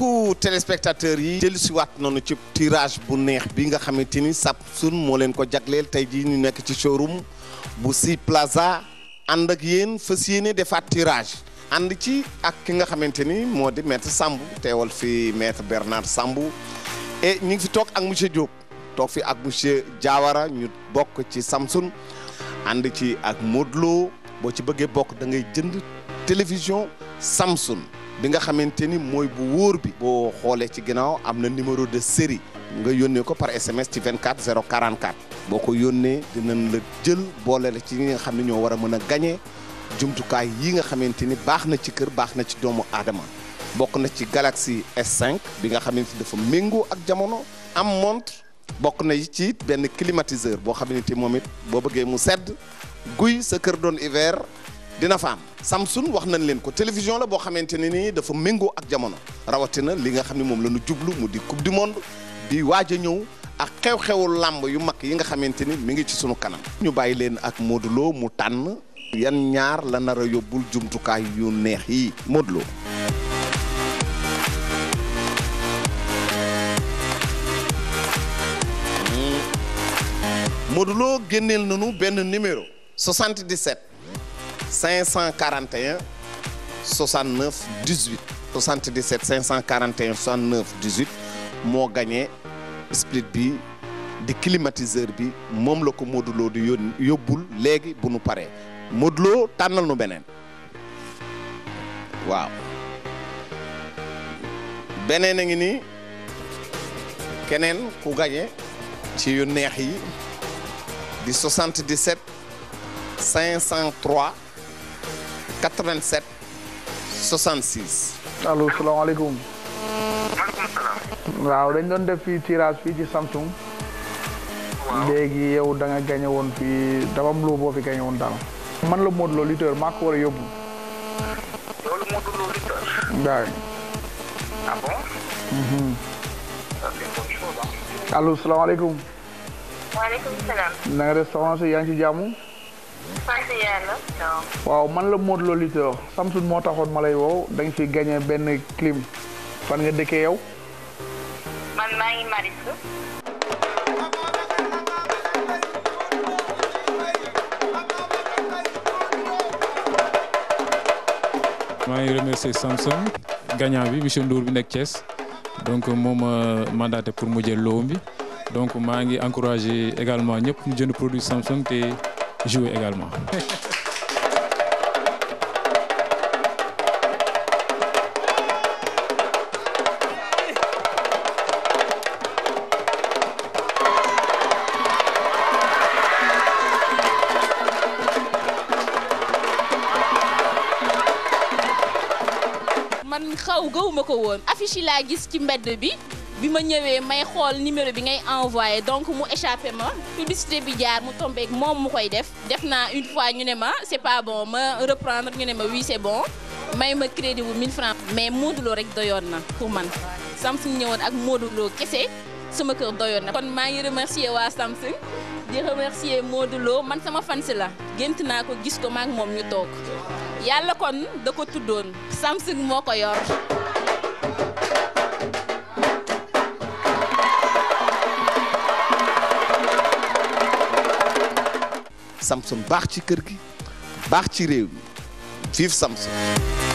mbokku téléspectateurs yi dellu si waat noonu ci tirage bu neex bi nga xamante ni Samsung moo leen ko jagleel tey jii ñu nekk ci showroom bu si plaza ànd ak yéen fas yéene defaat tirage ànd ci ak ki nga xamante ni moo di maître Samb teewal fi maître Bernard Samb et ñu ngi fi toog ak monsieur Diop toog fi ak monsieur Diawara ñu bokk ci Samsung ànd ci ak Modou boo ci bëggee bokk da ngay jënd télévision Samsung bi nga xamante ni mooy bu wóor bi boo xoolee ci ginaaw am na numéro de série nga yónnee ko par SMS ci 24 044 boo ko yónnee dinañ la jël boole ci ñi nga xam ne ñoo war a mën a gañee jumtukaay yi nga xamante ni baax na ci kër baax na ci doomu aadama bokk na ci Galaxy s bi nga xamante dafa méngoo ak jamono am montre bokk na ci benn climatiseur boo xamante moom it boo bëggee mu sedd guy sa kër doon hiver dina fa am Samsung wax nañ leen ko télévision la boo xamante ne nii dafa méngoo ak jamono rawatina li nga xam ne moom la ñu jublu mu di coupe du monde di waaj a ñëw ak xew-xewu làmb yu mag yi nga xamante ni mi ngi ci sunu kanam. ñu bàyyi leen ak Modou mu tànn. yan ñaar la nar yóbbul jumtukaay yu neex yi Modou Lo. Modou Lo génneel nañu benn numéro 77. 541 69 18 77 541 69 18 moo gagné split bi di climatiseur bi moom la ko Modou di yóbbul léegi bu nu pare moduloo tànnal nu beneen waaw beneen a ngi nii keneen ku gañe ci yu neex yi di 77 503 87 66. allo waaw dañ doon def fii tirage fii ci Samsung. léegi yow da nga gañe woon fii dafa am loo boo fi gañe woon daal. man la Modou loolu Modou Lo lutteur. waaw. ah bon. Mhm. Ah, allo salaamaaleykum. waaleykum salaam. si yaa ngi ci waaw man la Modou Lo lutteur Samsung moo taxoon ma lay wow da nga fi benn clim fan nga dëkkee yow. maa ngi Maristes. maa ngi remercier Samsung gagnant bi monsieur Ndour bi nekk Thiès donc moom euh, mandaté pour mu jël loom bi donc maa ngi encouragé également ñëpp mu jënd produit Samsung te. jouer également. man xaw gëwuma ko woon affiche yi laa gis ci mbedd bi. bi ma ñëwee may xool numéro bi ngay envoyé donc mu échappé ma publicité bi jaar mu tombeek moom mu koy def def naa une fois ñu ne ma c'est pas bon ma reprendre ñu ne ma oui c'est bon may ma crédit wu 1000 francs mais Modou rek doyoon na pour man Samsung ñëwoon ak Modou kese sama kër doyoon na. kon maa ngi remercier waa Samsung di remercier Modou Lo man sama fan si la gént naa ko gis ko maak moom ñu toog yàlla kon da ko tuddoon Samsung moo ko yor. Samsung baax ci kër gi baax ci réew mi vive Samsung